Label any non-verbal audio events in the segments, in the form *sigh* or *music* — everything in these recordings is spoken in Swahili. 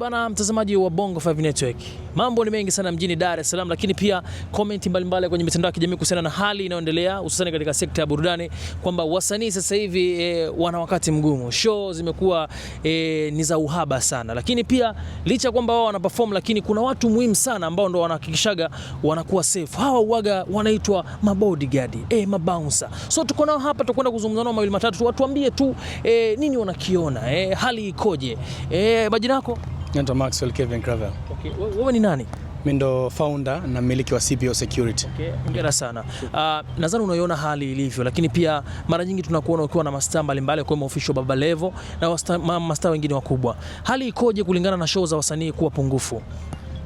Bana mtazamaji wa Bongo 5 Network. Mambo ni mengi sana mjini Dar es Salaam, lakini pia comment mbalimbali kwenye mitandao ya kijamii kuhusiana na hali inayoendelea hususan katika sekta ya burudani kwamba wasanii sasa hivi e, wana wakati mgumu. Show zimekuwa e, ni za uhaba sana. Lakini pia licha kwamba wao wana perform, lakini kuna watu muhimu sana ambao ndo wanahakikishaga wanakuwa safe. Hawa uaga wanaitwa mabodyguard, e, mabouncer. So tuko nao hapa tukwenda kuzungumza nao mawili matatu, watuambie tu e, nini wanakiona, e, hali ikoje? Eh, majina yako? Naitwa Maxwell Kevin Cravel. Okay. Wewe ni nani? Mimi ndo founder na mmiliki wa CBO Security. Okay. Hongera sana. Uh, nadhani unaiona hali ilivyo, lakini pia mara nyingi tunakuona ukiwa na mastaa mbalimbali kwa maofisho Baba Levo na mastaa wengine wakubwa. Hali ikoje kulingana na show za wasanii kuwa pungufu?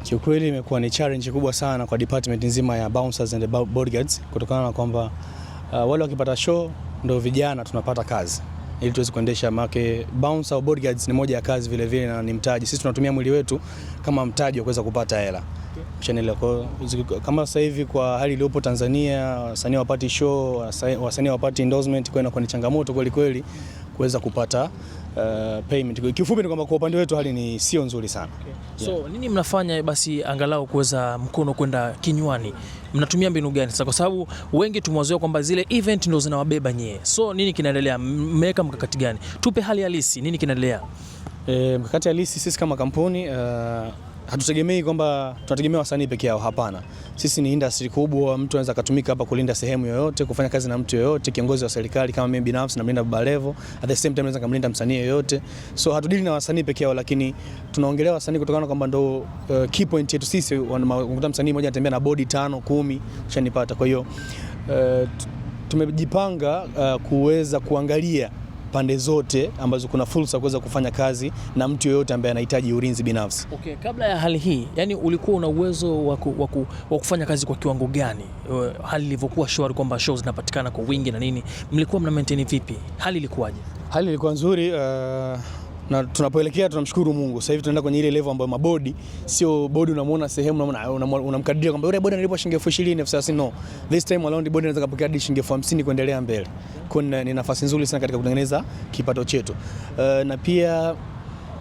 Kiukweli imekuwa ni challenge kubwa sana kwa department nzima ya bouncers and bodyguards kutokana na kwamba uh, wale wakipata show ndo vijana tunapata kazi ili tuweze kuendesha make bouncer au bodyguards ni moja ya kazi vile vile na ni mtaji. Sisi tunatumia mwili wetu kama mtaji wa kuweza kupata hela. Kwa, kama sasa hivi kwa hali iliyopo Tanzania wasanii wapati show, wasanii wapati endorsement, kwa ni changamoto kweli kweli kuweza kupata uh, payment. Kiufupi ni kwamba kwa upande wetu hali ni sio nzuri sana. Okay. So yeah. Nini mnafanya basi angalau kuweza mkono kwenda kinywani? Mnatumia mbinu gani sasa, kwa sababu wengi tumewazoea kwamba zile event ndio zinawabeba nyie. So nini kinaendelea, mmeweka mkakati gani? Tupe hali halisi, nini kinaendelea? E, mkakati halisi sisi kama kampuni uh, hatutegemei kwamba tunategemea wasanii peke yao. Hapana, sisi ni industry kubwa, mtu anaweza akatumika hapa kulinda sehemu yoyote, kufanya kazi na mtu yoyote, kiongozi wa serikali kama mimi binafsi namlinda Baba Levo, at the same time naweza kumlinda msanii yoyote. So hatudili na wasanii peke yao, lakini tunaongelea wasanii kutokana kwamba ndo uh, key point yetu sisi. Unakuta msanii mmoja anatembea na bodi tano kumi, shanipata. Kwa hiyo uh, tumejipanga uh, kuweza kuangalia pande zote ambazo kuna fursa kuweza kufanya kazi na mtu yoyote ambaye anahitaji ulinzi binafsi. Okay, kabla ya hali hii, yani ulikuwa una uwezo wa waku, kufanya kazi kwa kiwango gani? Hali ilivyokuwa shwari kwamba show zinapatikana kwa wingi na nini, mlikuwa mna maintain vipi? Hali ilikuwaje? Hali ilikuwa nzuri uh na tunapoelekea tunamshukuru Mungu. Sasa hivi tunaenda kwenye ile level ambayo mabodi sio bodi, unamuona sehemu unamkadiria kwamba yule bodi analipwa shilingi elfu ishirini elfu thelathini No, this time around bodi anaweza kupokea hadi shilingi elfu hamsini kuendelea mbele. Kwa hiyo ni nafasi nzuri sana katika kutengeneza kipato chetu, uh, na pia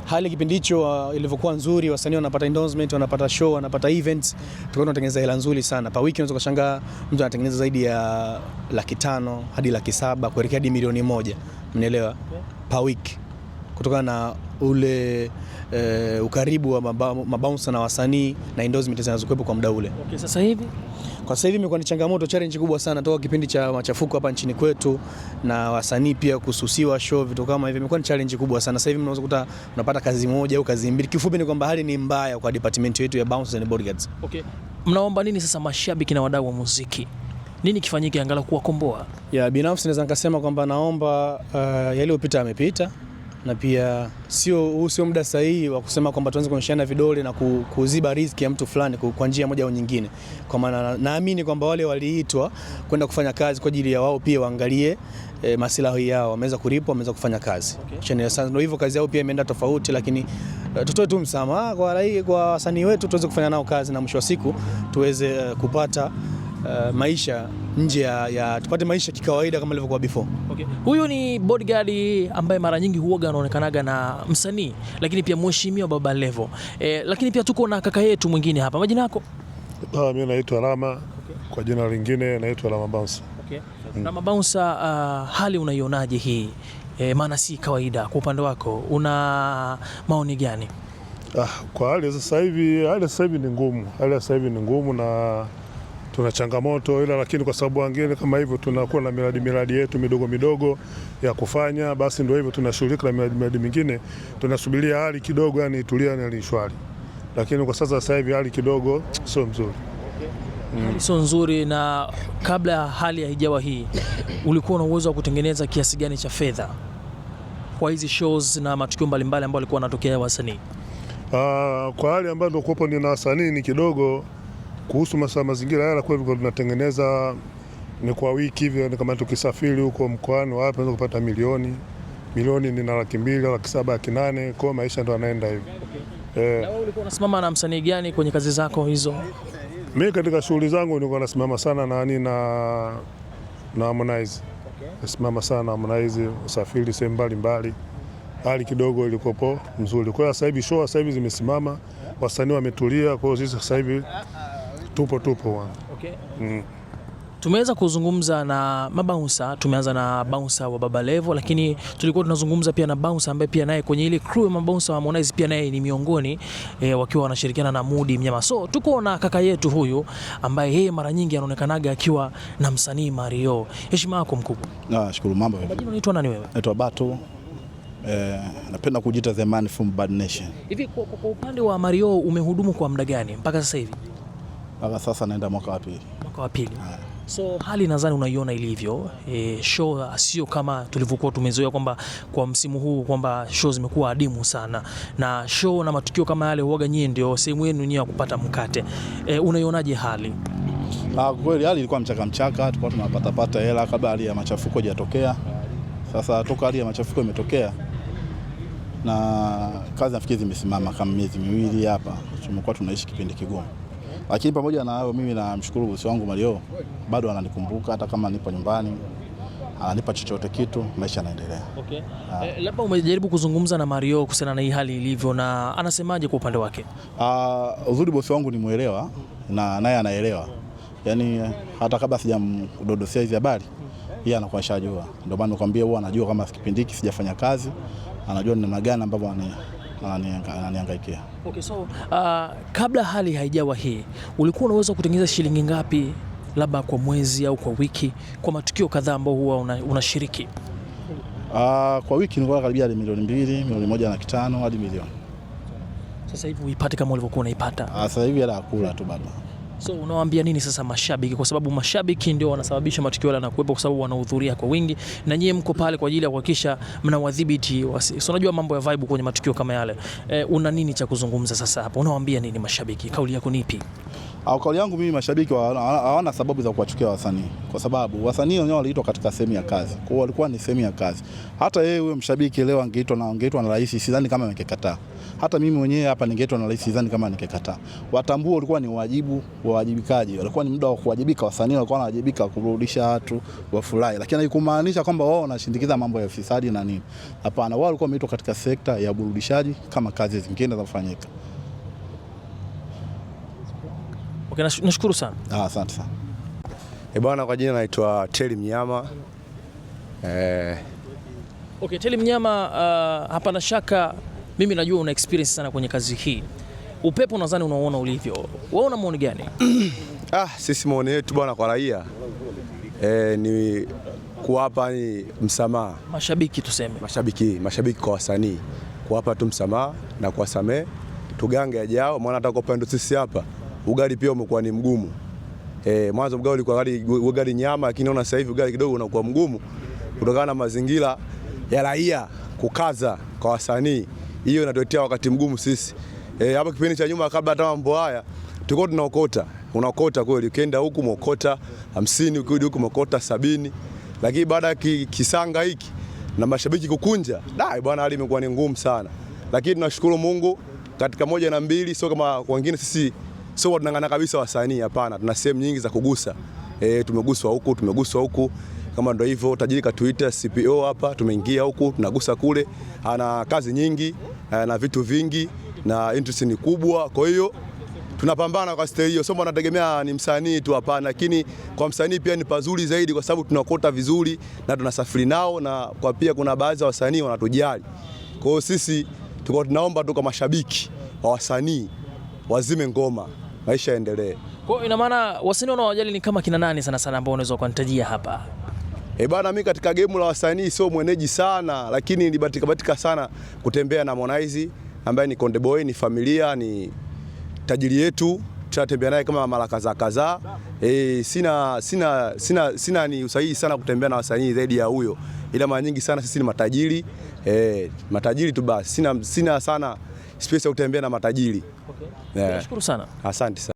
hali kipindi hicho uh, ilivyokuwa nzuri, wasanii wanapata endorsement, wanapata show, wanapata events, tukaona tunatengeneza hela nzuri sana pa wiki. Unaweza kushangaa mtu anatengeneza zaidi ya laki tano hadi laki saba kuelekea hadi milioni moja, mnielewa? pa wiki kutokana na ule e, ukaribu wa mabaunsa na wasanii na indozment zinazokuwepo kwa muda ule. Okay, sasa hivi kwa sasa hivi imekuwa ni changamoto, challenge kubwa sana toka kipindi cha machafuko hapa nchini kwetu, na wasanii pia kususiwa show, vitu kama hivyo, imekuwa ni challenge kubwa sana. Sasa hivi mnaweza kukuta unapata kazi moja au kazi mbili. Kifupi ni kwamba hali ni mbaya kwa department yetu ya bouncers and bodyguards. Okay, mnaomba nini sasa mashabiki na wadau wa muziki? Nini kifanyike angalau kuwakomboa? Ya binafsi naweza nikasema kwamba naomba uh, yaliyopita yamepita na pia sio, huu sio muda sahihi wa kusema kwamba tuanze kuonyeshana vidole na kuziba riziki ya mtu fulani kwa njia moja au nyingine, kwa maana naamini kwamba wale waliitwa kwenda kufanya kazi kwa ajili ya wao pia waangalie e, eh, masilahi yao, wameweza kulipwa, wameweza kufanya kazi okay. Ndio hivyo kazi yao pia imeenda tofauti, lakini eh, tutoe tu msamaha kwa wasanii wetu tuweze kufanya nao kazi na mwisho wa siku tuweze eh, kupata uh, maisha nje ya, ya tupate maisha kikawaida kama ilivyokuwa before. Okay. Huyu ni bodyguard ambaye mara nyingi huoga anaonekanaga na msanii lakini pia mheshimiwa Baba Levo. Eh, lakini pia tuko na kaka yetu mwingine hapa. Majina yako? Ah, mimi naitwa Rama. Okay. Kwa jina lingine naitwa Rama Bouncer. Okay. Mm. Rama Bouncer, uh, hali unaionaje hii? E, maana si kawaida. Kwa upande wako una maoni gani? Ah, kwa hali sasa hivi, hali sasa hivi ni ngumu, hali sasa hivi ni ngumu na tuna changamoto ila, lakini kwa sababu wengine kama hivyo tunakuwa na miradi miradi yetu midogo midogo ya kufanya, basi ndio hivyo tunashughulika na miradi miradi mingine, tunasubiria hali kidogo, yani tulia na lishwali, lakini kwa sasa sasa hivi hali kidogo sio nzuri mm. Sio nzuri. Na kabla hali haijawa hii, ulikuwa na uwezo wa kutengeneza kiasi gani cha fedha kwa hizi shows na matukio mbalimbali ambayo alikuwa anatokea wasanii? Uh, kwa hali ambayo ndio kuwepo, na wasanii ni kidogo kuhusu masuala ya mazingira yala kweli tunatengeneza ni kwa wiki hivyo, kama tukisafiri huko mkoani wapi unaweza kupata milioni milioni ni na laki mbili laki saba laki nane kwa maisha ndo anaenda hivyo. Okay. Eh. Na wewe ulikuwa unasimama na msanii gani kwenye kazi zako hizo? Mimi katika shughuli zangu nilikuwa nasimama sana na nani na na Harmonize. Okay. Nasimama sana na Harmonize, usafiri sehemu mbalimbali. Hali kidogo ilikopo mzuri. Kwa hiyo sasa hivi show sasa hivi zimesimama, wasanii wametulia, kwa hiyo sisi sasa hivi Tupo tupo. Okay. Mm. Tumeweza kuzungumza na mabouncer, tumeanza na bouncer wa Baba Levo, lakini tulikuwa tunazungumza pia na bouncer ambaye pia naye kwenye ile crew ya mabouncer wa Harmonize pia naye ni miongoni e, wakiwa wanashirikiana na Mudi Mnyama. So tuko na kaka yetu huyu ambaye yeye mara nyingi anaonekanaga akiwa na msanii Mario. Heshima yako mkubwa. Na shukuru mambo vipi? Majina unaitwa nani wewe? Naitwa Bato. Eh, napenda kujiita the man from Bad Nation. Hivi kwa upande wa Mario umehudumu kwa muda gani mpaka sasa hivi? Mpaka sasa naenda mwaka wa pili, mwaka wa pili. So hali nadhani unaiona ilivyo e, show uh, sio kama tulivyokuwa tumezoea kwamba kwa msimu huu kwamba show zimekuwa adimu sana, na show na matukio kama yale huaga, nyie ndio sehemu yenu nyie ya kupata mkate e, unaionaje hali? Ah, kweli hali ilikuwa mchaka mchaka, tulikuwa tunapatapata hela kabla hali ya machafuko hajatokea. Sasa toka hali ya machafuko imetokea na kazi nafikiri zimesimama kama miezi miwili hapa, tumekuwa tunaishi kipindi kigumu. Lakini pamoja na hayo, mimi namshukuru bosi wangu Mario, bado ananikumbuka hata kama nipo nyumbani, ananipa chochote kitu, maisha yanaendelea. Okay. E, labda umejaribu kuzungumza na Mario kuhusiana na hii hali ilivyo na anasemaje kwa upande wake? Ah, uzuri bosi wangu ni mwelewa na naye anaelewa, yaani hata kabla sijamdodosea hizi habari yeye anakuwa shajua, ndio maana nakwambia huwa anajua kama kipindi hiki sijafanya kazi, anajua ni namna gani ambavyo ananiangaikia. Okay, so uh, kabla hali haijawa hii ulikuwa unaweza kutengeneza shilingi ngapi labda kwa mwezi au kwa wiki kwa matukio kadhaa ambao huwa unashiriki? Una uh, kwa wiki nilikuwa karibia hadi milioni mbili, milioni moja na kitano hadi milioni. Sasa hivi uipate kama ulivyokuwa unaipata? Uh, sasa hivi hela kula tu baba. So unawaambia nini sasa mashabiki, kwa sababu mashabiki ndio wanasababisha matukio yale yanakuwepo, kwa sababu wanahudhuria kwa wingi na nyie mko pale kwa ajili ya kuhakikisha mnawadhibiti. So unajua mambo ya vibe kwenye matukio kama yale. E, una nini cha kuzungumza sasa hapa? Unawaambia nini mashabiki? Kauli yako ni ipi? Au kauli yangu mimi, mashabiki hawana sababu za kuwachukia wasanii, kwa sababu wasanii wenyewe waliitwa katika sehemu ya kazi, kwa hiyo walikuwa ni sehemu ya kazi. Hata yeye huyo mshabiki leo angeitwa na angeitwa na rais, sidhani kama angekataa. Hata mimi mwenyewe hapa ningeitwa na rais, sidhani kama ningekataa. Watambue ulikuwa ni wajibu wa wajibikaji, walikuwa ni muda wa kuwajibika. Wasanii walikuwa wanawajibika kurudisha watu wafurahi, lakini haikumaanisha kwamba wao wanashindikiza mambo ya ufisadi na nini. Hapana, wao walikuwa wameitwa katika sekta ya burudishaji kama kazi zingine zinafanyika. Okay, nashukuru sana. Ah, asante sana. Eh, bwana kwa jina naitwa Teli Mnyama. Eh. Okay, Teli Mnyama, uh, hapana shaka mimi najua una experience sana kwenye kazi hii. Upepo nadhani unaona ulivyo. Wewe una maoni gani? *clears throat* Ah, sisi maoni yetu bwana kwa raia eh, ni kuwapa ni msamaha mashabiki, tuseme mashabiki, mashabiki kwa wasanii kuwapa tu msamaha na kuwasamehe, tugange ajao, maana hata kwa sisi hapa ugali pia umekuwa ni mgumu. E, mwanzo ugali ulikuwa ugali, ugali nyama, lakini naona sasa hivi ugali kidogo unakuwa mgumu kutokana na mazingira ya raia kukaza kwa wasanii. Hiyo inatuletea wakati mgumu sisi. E, hapo kipindi cha nyuma kabla hata mambo haya tulikuwa tunaokota, unaokota kweli, ukienda huku mokota 50 ukirudi huku mokota sabini, lakini baada ya kisanga hiki na mashabiki kukunja, dai bwana, hali imekuwa ni ngumu sana, lakini tunashukuru Mungu katika moja na mbili, sio kama wengine sisi so tunangana kabisa wasanii, hapana. Tuna sehemu nyingi za kugusa e, tumeguswa huku, tumeguswa huku kama ndo hivyo tajiri katuita CPO hapa, tumeingia huku tunagusa kule. Ana kazi nyingi e, na vitu vingi na interest ni kubwa, kwa hiyo tunapambana kwa stage hiyo. Sio anategemea ni msanii tu, hapana, lakini kwa msanii pia ni pazuri zaidi, kwa sababu tunakota vizuri na tunasafiri nao, na kwa pia kuna baadhi ya wasanii wanatujali. Kwa hiyo sisi tuko tunaomba tu kwa mashabiki wa wasanii wazime ngoma maisha yaendelee. Kwa hiyo ina maana wasanii wanaojali ni kama kina nani sana sana ambao unaweza kunitajia hapa? Eh, bana mimi katika game la wasanii sio mweneji sana, lakini nilibatika batika sana kutembea na Harmonize ambaye ni Konde Boy, ni familia, ni tajiri yetu tunatembea naye kama mara kadhaa kadhaa. E, sina, sina, sina, sina ni usahihi sana kutembea na wasanii zaidi ya huyo, ila mara nyingi sana sisi ni matajiri e, matajiri tu basi, sina, sina sana space ya kutembea na matajiri. Okay. Yeah. Nashukuru sana. Asante sana.